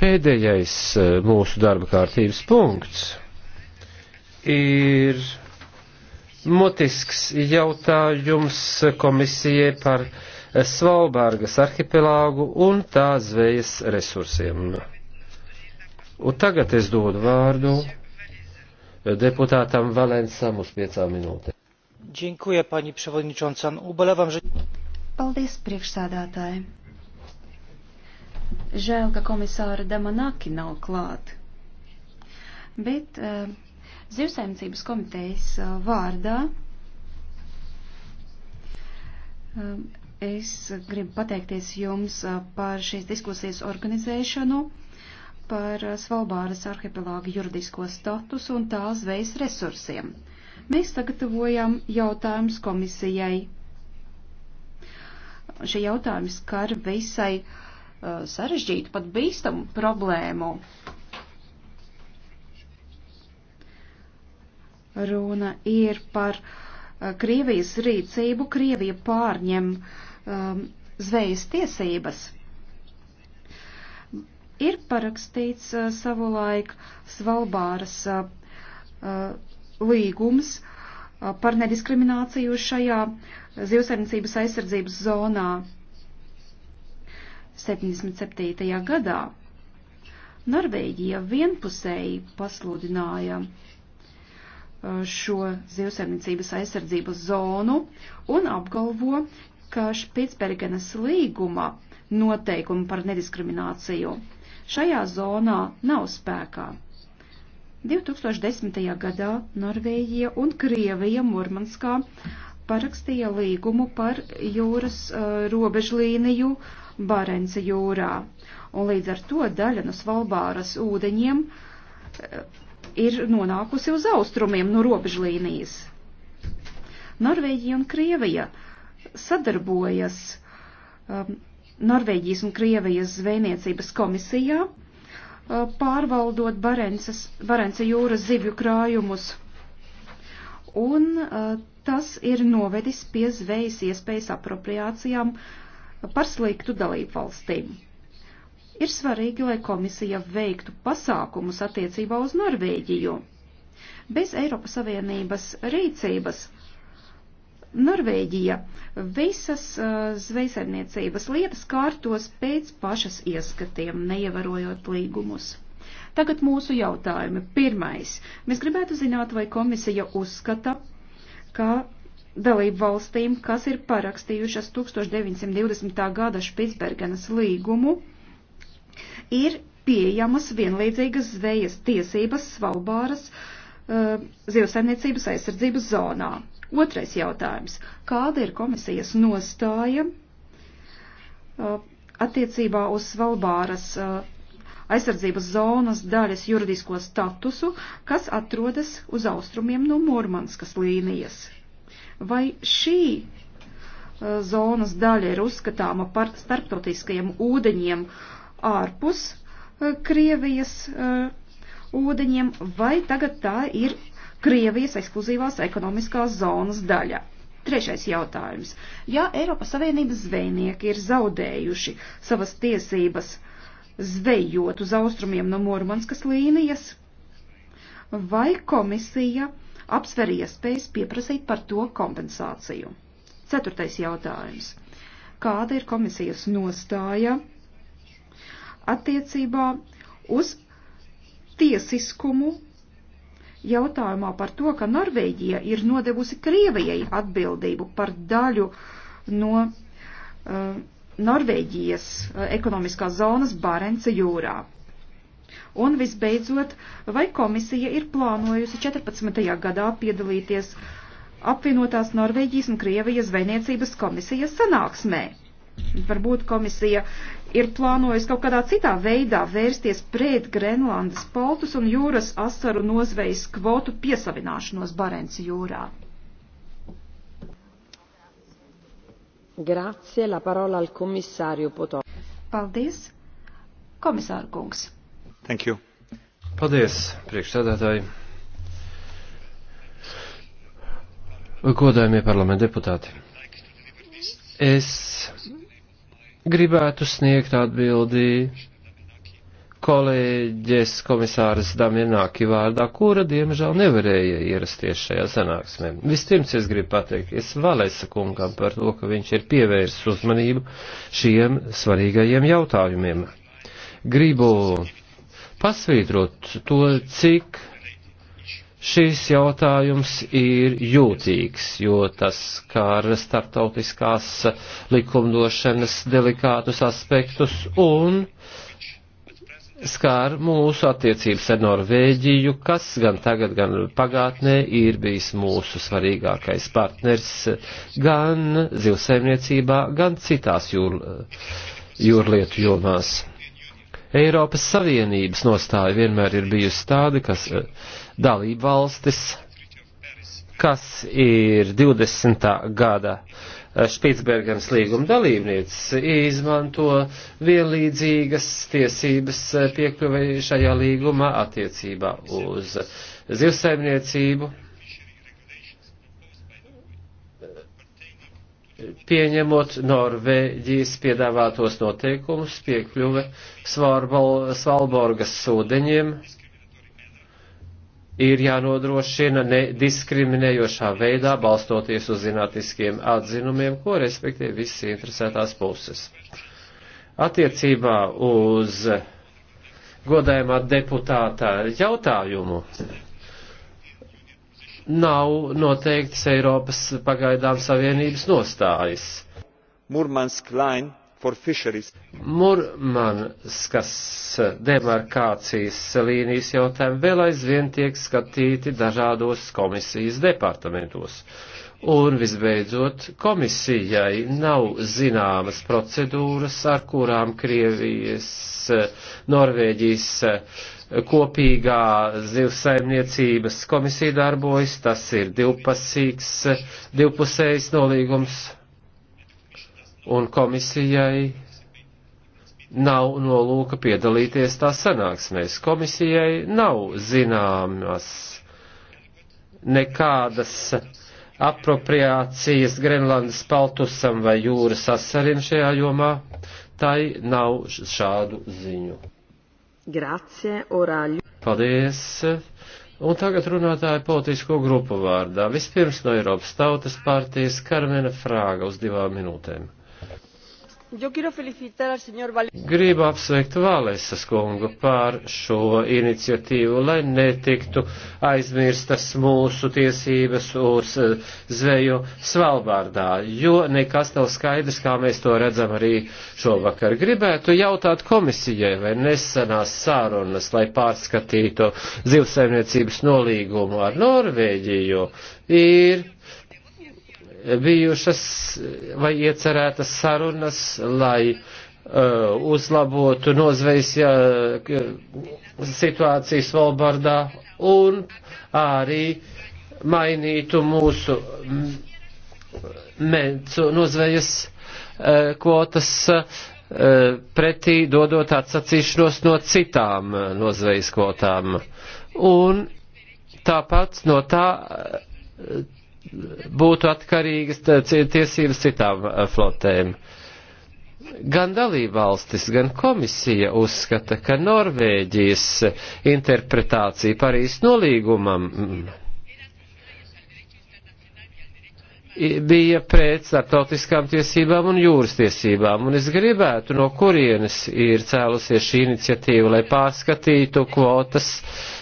Pēdējais eh, mūsu darba kārtības punkts ir mutisks jautājums komisijai par eh, Svalbārgas arhipelāgu un tā zvejas resursiem. Un tagad es dodu vārdu eh, deputātam Valensam uz piecām minūtēm. Dziękuję, pani przewodnicząca. Ubolewam, że... Paldies, priekšsādātāji. Žēl, ka komisāra Damanaki nav klāt. Bet uh, zivsaimniecības komitejas uh, vārdā uh, es gribu pateikties jums uh, par šīs diskusijas organizēšanu, par uh, Svalbāras arhipelāga juridisko statusu un tās zvejas resursiem. Mēs sagatavojam jautājumus komisijai. Šie jautājumi skar visai uh, Uh, sarežģītu, pat bīstamu problēmu. Runa ir par uh, Krievijas rīcību. Krievija pārņem um, zvejas tiesības. Ir parakstīts uh, savulaik Svalbāras uh, uh līgums uh, par nediskrimināciju šajā zivsarnicības aizsardzības zonā. Uh, 77. gadā. Norvēģija vienpusēji pasludināja uh, šo zivsaimniecības aizsardzības zonu un apgalvo, ka Špitsbergenes līguma noteikumi par nediskrimināciju šajā zonā nav spēkā. 2010. gadā Norvēģija un Krievija Murmanskā parakstīja līgumu par jūras uh, robežlīniju uh, Barenca jūrā. Un līdz ar to daļa no Svalbāras ūdeņiem eh, ir nonākusi uz austrumiem no robežlīnijas. Norvēģija un Krievija sadarbojas um, Norvēģijas un Krievijas zvejniecības komisijā, uh, pārvaldot Barences, Barenca jūras zivju krājumus. Un uh, tas ir novedis pie zvejas iespējas apropriācijām uh, par sliktu dalību valstīm. Ir svarīgi, lai komisija veiktu pasākumus attiecībā uz Norvēģiju. Bez Eiropas Savienības rīcības Norvēģija visas uh, zvejsaimniecības lietas kārtos pēc pašas ieskatiem, neievarojot līgumus. Tagad mūsu jautājumi. Pirmais. Mēs gribētu zināt, vai komisija uzskata, ka dalību valstīm, kas ir parakstījušas 1920. gada Špitsbergenas līgumu, ir pieejamas vienlīdzīgas zvejas tiesības Svalbāras uh, zivsaimniecības aizsardzības zonā. Otrais jautājums. Kāda ir komisijas nostāja uh, attiecībā uz Svalbāras uh, aizsardzības zonas daļas juridisko statusu, kas atrodas uz austrumiem no Murmanskas līnijas? Vai šī uh, zonas daļa ir uzskatāma par starptautiskajiem ūdeņiem ārpus uh, Krievijas uh, ūdeņiem, vai tagad tā ir Krievijas ekskluzīvās ekonomiskās zonas daļa? Trešais jautājums. Ja Eiropas Savienības zvejnieki ir zaudējuši savas tiesības zvejot uz austrumiem no Murmanskas līnijas, vai komisija uh, apsver iespējas pieprasīt par to kompensāciju. Ceturtais jautājums. Kāda ir komisijas nostāja attiecībā uz tiesiskumu jautājumā par to, ka Norvēģija ir nodevusi Krievijai atbildību par daļu no uh, Norvēģijas uh, ekonomiskās zonas Barenca jūrā. Un visbeidzot, vai komisija ir plānojusi 14. gadā piedalīties apvienotās Norvēģijas un Krievijas zvejniecības komisijas sanāksmē? Varbūt komisija ir plānojusi kaut kādā citā veidā vērsties pret Grenlandes poltus un jūras asaru nozvejas kvotu piesavināšanos Barents jūrā. Grazie, la parola al komisāru Potočniku. Paldies, komisāra kungs. Thank you. Paldies, priekšsēdētāji. Godājumie parlamenta deputāti. Es gribētu sniegt atbildi kolēģes komisāras Damienāki vārdā, kura diemžēl nevarēja ierasties šajā sanāksmē. Vispirms es gribu pateikties Valesa kungam par to, ka viņš ir pievērsis uzmanību šiem svarīgajiem jautājumiem. Gribu pasvītrot to, cik šīs jautājums ir jūtīgs, jo tas skar startautiskās likumdošanas delikātus aspektus un skār mūsu attiecības ar Norvēģiju, kas gan tagad, gan pagātnē ir bijis mūsu svarīgākais partners gan zivsaimniecībā, gan citās jūr, jūrlietu jomās. Eiropas Savienības nostāja vienmēr ir bijusi tāda, kas eh, dalība valstis, kas ir 20. gada eh, Špitsbergenas līguma dalībnieces, izmanto vienlīdzīgas tiesības eh, piekļuvējušajā līgumā attiecībā uz zivsaimniecību pieņemot Norvēģijas piedāvātos noteikumus, piekļuve Svalborgas sūdeņiem ir jānodrošina nediskriminējošā veidā, balstoties uz zinātniskiem atzinumiem, ko respektē visi interesētās puses. Attiecībā uz godējumā deputātā jautājumu nav noteikts Eiropas pagaidām savienības nostājas. Murmansk-Line for fisheries. Murmanskas demarkācijas līnijas jautājumi vēl aizvien tiek skatīti dažādos komisijas departamentos. Un visbeidzot, komisijai nav zināmas procedūras, ar kurām Krievijas, Norvēģijas kopīgā zivsaimniecības komisija darbojas, tas ir divpasīgs, divpusējs nolīgums, un komisijai nav nolūka piedalīties tā sanāksmēs. Komisijai nav zināmas nekādas apropriācijas Grenlandes paltusam vai jūras asarim šajā jomā, tai nav šādu ziņu. Grazie, orāļu. Paldies. Un tagad runātāja politisko grupu vārdā. Vispirms no Eiropas Tautas partijas Karmena Frāga uz divām minūtēm. Gribu apsveikt Valesas kungu par šo iniciatīvu, lai netiktu aizmirstas mūsu tiesības uz eh, zveju Svalbārdā, jo nekas nav skaidrs, kā mēs to redzam arī šovakar. Gribētu jautāt komisijai vai nesenās sārunas, lai pārskatītu zivsaimniecības nolīgumu ar Norvēģiju, ir bijušas vai iecerētas sarunas, lai uh, uzlabotu nozvejas ja, situāciju Svalbardā un arī mainītu mūsu mencu nozvejas uh, kvotas uh, pretī dodot atsacīšanos no citām uh, nozvejas kvotām. Un tāpat no tā uh, būtu atkarīgas tiesības citām uh, flotēm. Gan dalībvalstis, gan komisija uzskata, ka Norvēģijas interpretācija Parīs nolīgumam mm, bija pret startautiskām tiesībām un jūras tiesībām, un es gribētu, no kurienes ir cēlusies šī iniciatīva, lai pārskatītu kvotas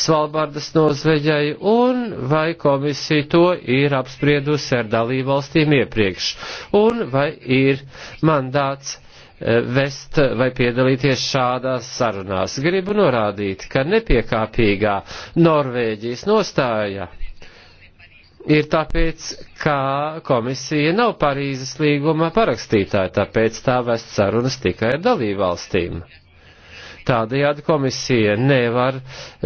Svalbardas nozveģai, un vai komisija to ir apspriedusi ar dalībvalstīm iepriekš, un vai ir mandāts eh, vest vai piedalīties šādās sarunās. Gribu norādīt, ka nepiekāpīgā Norvēģijas nostāja ir tāpēc, ka komisija nav Parīzes līguma parakstītāja, tāpēc tā vest sarunas tikai ar dalībvalstīm. Tādējādi komisija nevar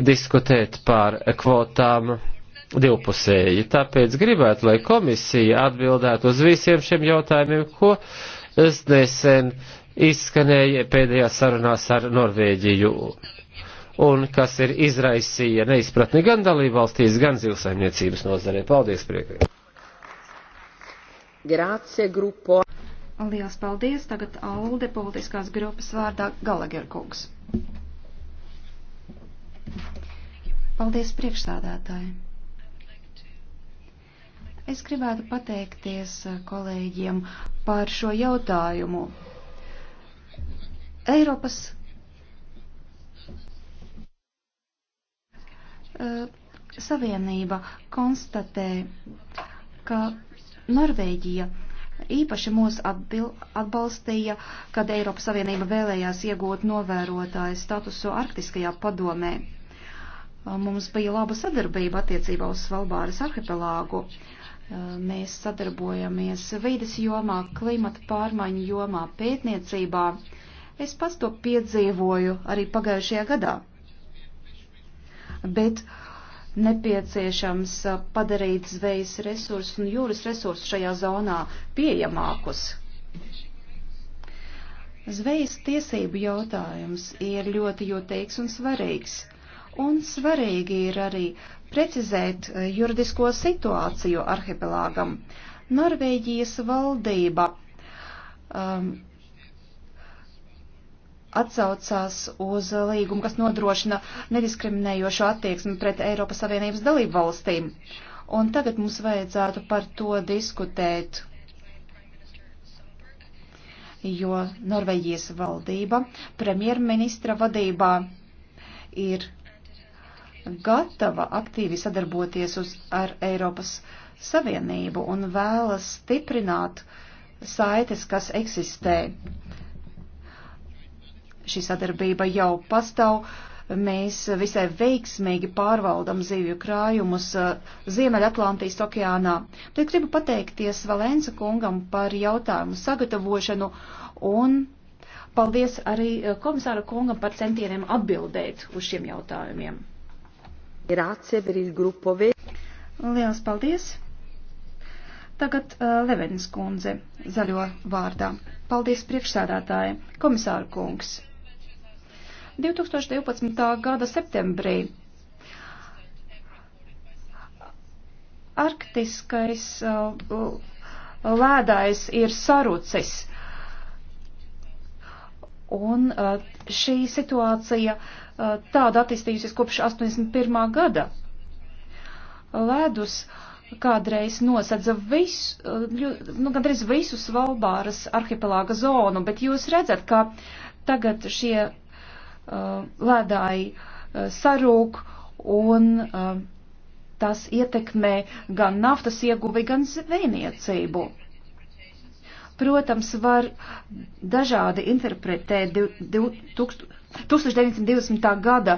diskutēt par kvotām divpusēji, tāpēc gribētu, lai komisija atbildētu uz visiem šiem jautājumiem, ko es nesen izskanēju pēdējā sarunās ar Norvēģiju un kas ir izraisīja neizpratni gan dalībvalstīs, gan zilsaimniecības nozarē. Paldies, priekšē! Grācie grupo. Liels paldies! Tagad Alde politiskās grupas vārdā Galager kungs. Paldies priekšstādātāji! Es gribētu pateikties kolēģiem par šo jautājumu. Eiropas Eh, Savienība konstatē, ka Norvēģija īpaši mūs atbil, atbalstīja, kad Eiropas Savienība vēlējās iegūt novērotāju statusu Arktiskajā padomē. Eh, mums bija laba sadarbība attiecībā uz Svalbāras arhipelāgu. Eh, mēs sadarbojamies vīdes jomā, klimata pārmaiņu jomā, pētniecībā. Es pats to piedzīvoju arī pagājušajā gadā bet nepieciešams padarīt zvejas resursus un jūras resursus šajā zonā pieejamākus. Zvejas tiesību jautājums ir ļoti jūtīgs un svarīgs. Un svarīgi ir arī precizēt juridisko situāciju arhipelāgam. Norvēģijas valdība um, atsaucās uz līgumu, kas nodrošina nediskriminējošu attieksmi pret Eiropas Savienības dalību valstīm. Un tagad mums vajadzētu par to diskutēt, jo Norvēģijas valdība premjerministra vadībā ir gatava aktīvi sadarboties uz, ar Eiropas Savienību un vēlas stiprināt saites, kas eksistē Šī sadarbība jau pastāv. Mēs visai veiksmīgi pārvaldam zivju krājumus uh, Ziemeļatlantijas okeānā. Bet gribu pateikties Valensa kungam par jautājumu sagatavošanu un paldies arī uh, komisāra kungam par centieniem atbildēt uz šiem jautājumiem. Lielas paldies! Tagad uh, Levenis kundze zaļo vārdā. Paldies priekšsēdātāji, komisāru kungs! 2012. gada septembrī arktiskais uh, lēdājs ir sarucis. Un uh, šī situācija uh, tāda attīstījusies kopš 81. gada. Ledus kādreiz nosedza visu, nu, gandrīz visu Svalbāras arhipelāga zonu, bet jūs redzat, ka tagad šie Uh, ledāji uh, sarūk un uh, tas ietekmē gan naftas ieguvi, gan zvejniecību. Protams, var dažādi interpretēt 1920. gada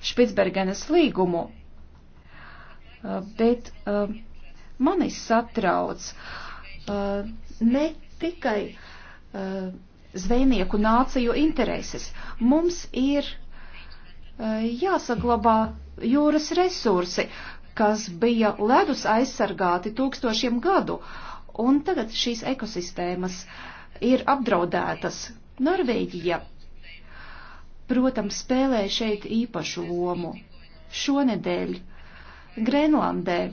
Špitsbergenes līgumu, bet mani satrauc ne tikai zvejnieku nāciju intereses. Mums ir e, jāsaglabā jūras resursi, kas bija ledus aizsargāti tūkstošiem gadu, un tagad šīs ekosistēmas ir apdraudētas. Norvēģija, protams, spēlē šeit īpašu lomu. Šonedēļ Grenlandē e,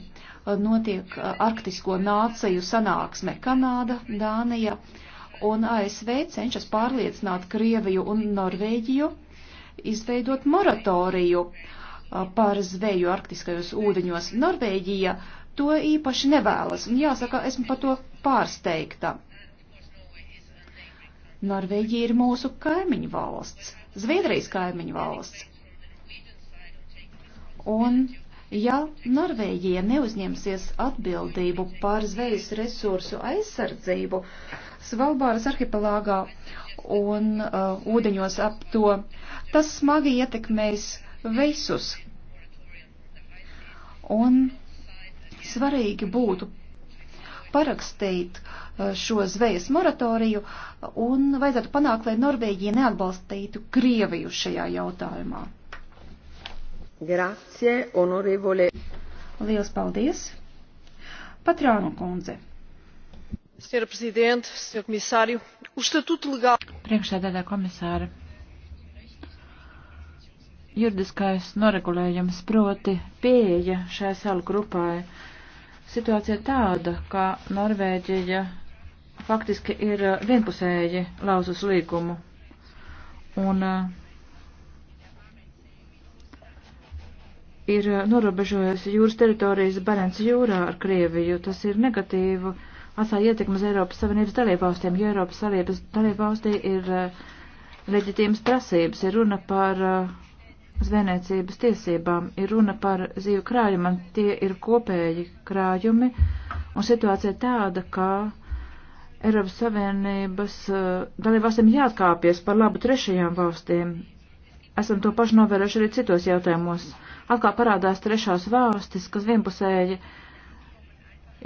notiek e, arktisko nāciju sanāksme Kanāda, Dānija, uh, un ASV cenšas pārliecināt Krieviju un Norvēģiju izveidot moratoriju uh, par zveju arktiskajos ūdeņos. Norvēģija to īpaši nevēlas, un jāsaka, esmu par to pārsteigta. Norvēģija ir mūsu kaimiņu valsts, Zviedrijas kaimiņu valsts. Un ja Norvēģija neuzņemsies atbildību par zvejas resursu aizsardzību, Svalbāras arhipelāgā un uh, ūdeņos ap to. Tas smagi ietekmēs visus. Un svarīgi būtu parakstīt uh, šo zvejas moratoriju un vajadzētu panākt, lai Norvēģija neatbalstītu Krieviju šajā jautājumā. Grazie, honorevole. Liels paldies. Patrānu kundze. Senhora Presidente, Senhor Comissário, o estatuto legal. Priekšsēdētā komisāra. Juridiskais noregulējums proti pieeja šai salu grupai. Situācija tāda, ka Norvēģija faktiski ir eh, vienpusēji lauzus līgumu. Un uh, ir eh, norobežojusi jūras teritorijas Barents jūrā ar Krieviju. Tas ir negatīvu atstāja ietekmes Eiropas Savienības dalībvalstiem, jo Eiropas Savienības dalībvalstī ir eh, leģitīmas prasības, ir runa par eh, zvēniecības tiesībām, ir runa par zīvu krājumam, tie ir kopēji krājumi, un situācija tāda, ka Eiropas Savienības eh, dalībvalstīm jāatkāpjas par labu trešajām valstīm. Esam to pašu novērojuši arī citos jautājumos. Atkal parādās trešās valstis, kas vienpusēji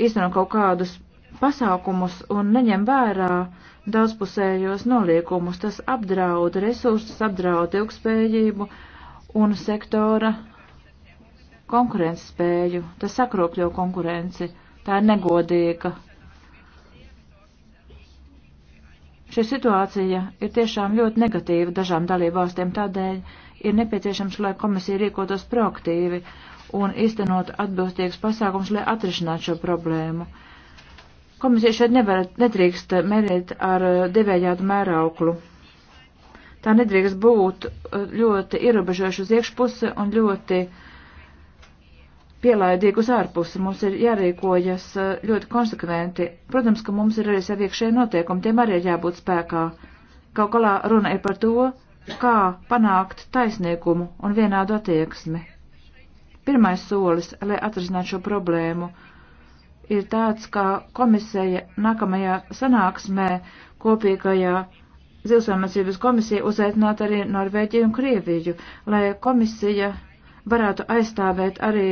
īsteno kaut kādus pasākumus un neņem vērā daudzpusējos noliekumus. Tas apdraud resursus, apdraud ilgspējību un sektora konkurences spēju. Tas sakropļo konkurenci. Tā ir negodīga. Šī situācija ir tiešām ļoti negatīva dažām dalībvalstīm, tādēļ ir nepieciešams, lai komisija rīkotos proaktīvi un iztenot atbilstīgus pasākums, lai atrisinātu šo problēmu. Komisija šeit nevar, nedrīkst mērīt ar eh, devējādu mērauklu. Tā nedrīkst būt eh, ļoti ierobežojuši uz iekšpusi un ļoti pielaidīgi uz ārpusi. Mums ir jārīkojas eh, ļoti konsekventi. Protams, ka mums ir arī savi iekšēji noteikumi, tiem arī ir jābūt spēkā. Kaut galā runa ir par to, kā panākt taisnīgumu un vienādu attieksmi. Pirmais solis, lai atrisinātu šo problēmu, ir tāds, ka komisija nākamajā sanāksmē kopīgajā zilsāmniecības komisija uzaicināt arī Norvēģiju un Krieviju, lai komisija varētu aizstāvēt arī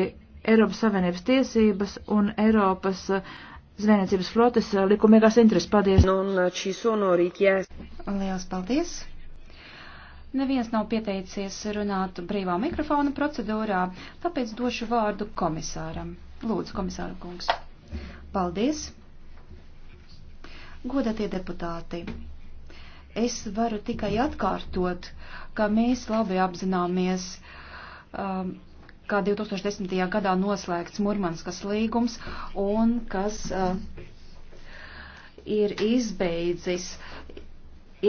Eiropas Savienības tiesības un Eiropas uh, zvejniecības flotes uh, likumīgās intereses. Paldies! Nu, uh, Lielas paldies! Neviens nav pieteicies runāt brīvā mikrofona procedūrā, tāpēc došu vārdu komisāram. Lūdzu, komisāra kungs. Paldies! Godatie deputāti! Es varu tikai atkārtot, ka mēs labi apzināmies, um, kā 2010. gadā noslēgts Murmanskas līgums un kas uh, ir izbeidzis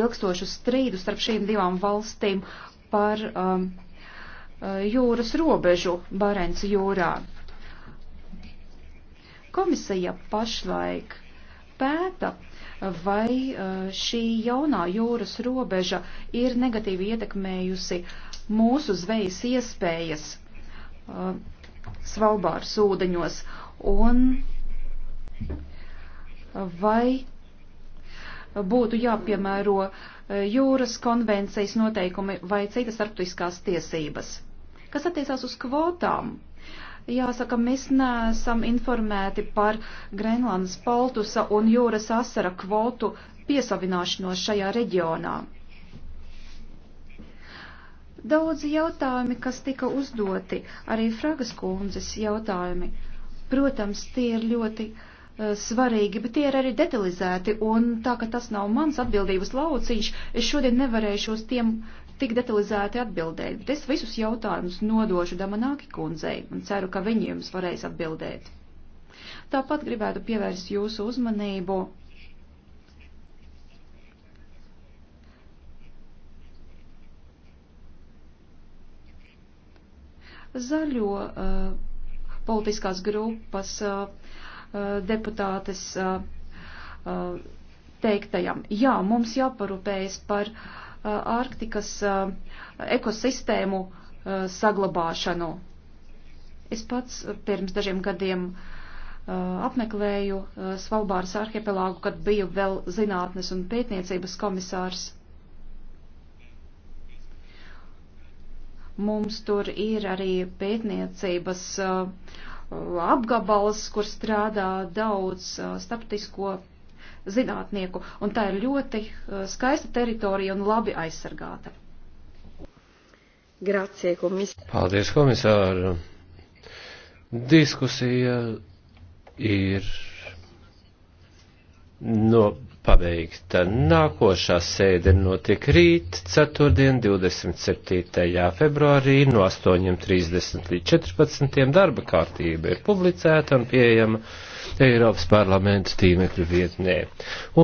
ilgstošu strīdu starp šīm divām valstīm par um, uh, jūras robežu Barents jūrā. Uh, Komisija pašlaik pēta, vai e, šī jaunā jūras robeža ir negatīvi ietekmējusi mūsu zvejas iespējas e, Svalbāras ūdeņos un vai būtu jāpiemēro e, jūras konvencijas noteikumi vai citas starptautiskās tiesības. Kas attiecās uz kvotām, Jāsaka, mēs neesam informēti par Grenlandas poltusa un jūras asara kvotu piesavināšanos šajā reģionā. Daudzi jautājumi, kas tika uzdoti, arī Fragas kundzes jautājumi, protams, tie ir ļoti uh, svarīgi, bet tie ir arī detalizēti, un tā, ka tas nav mans atbildības lauciņš, es šodien nevarēšu uz tiem uh, tik detalizēti atbildēt, bet es visus jautājumus nodošu Damanāki kundzei un ceru, ka viņi jums varēs atbildēt. Tāpat gribētu pievērst jūsu uzmanību zaļo uh, politiskās grupas uh, uh deputātes uh, uh, teiktajam. Jā, mums jāparūpējas par uh, Ārktikas uh, uh, ekosistēmu uh, saglabāšanu. Es pats pirms dažiem gadiem apmeklēju Svalbāras arhipelāgu, kad biju vēl zinātnes un pētniecības komisārs. Mums tur ir arī pētniecības apgabals, kur strādā daudz starptisko zinātnieku, un tā ir ļoti uh, skaista teritorija un labi aizsargāta. Grazie, komisār. Paldies, komisār. Diskusija ir no pabeigta. Nākošā sēde notiek rīt, ceturtdien, 27. februārī no 8.30 līdz 14. darba kārtība ir publicēta un pieejama. Eiropas parlamenta tīmekļu vietnē. Un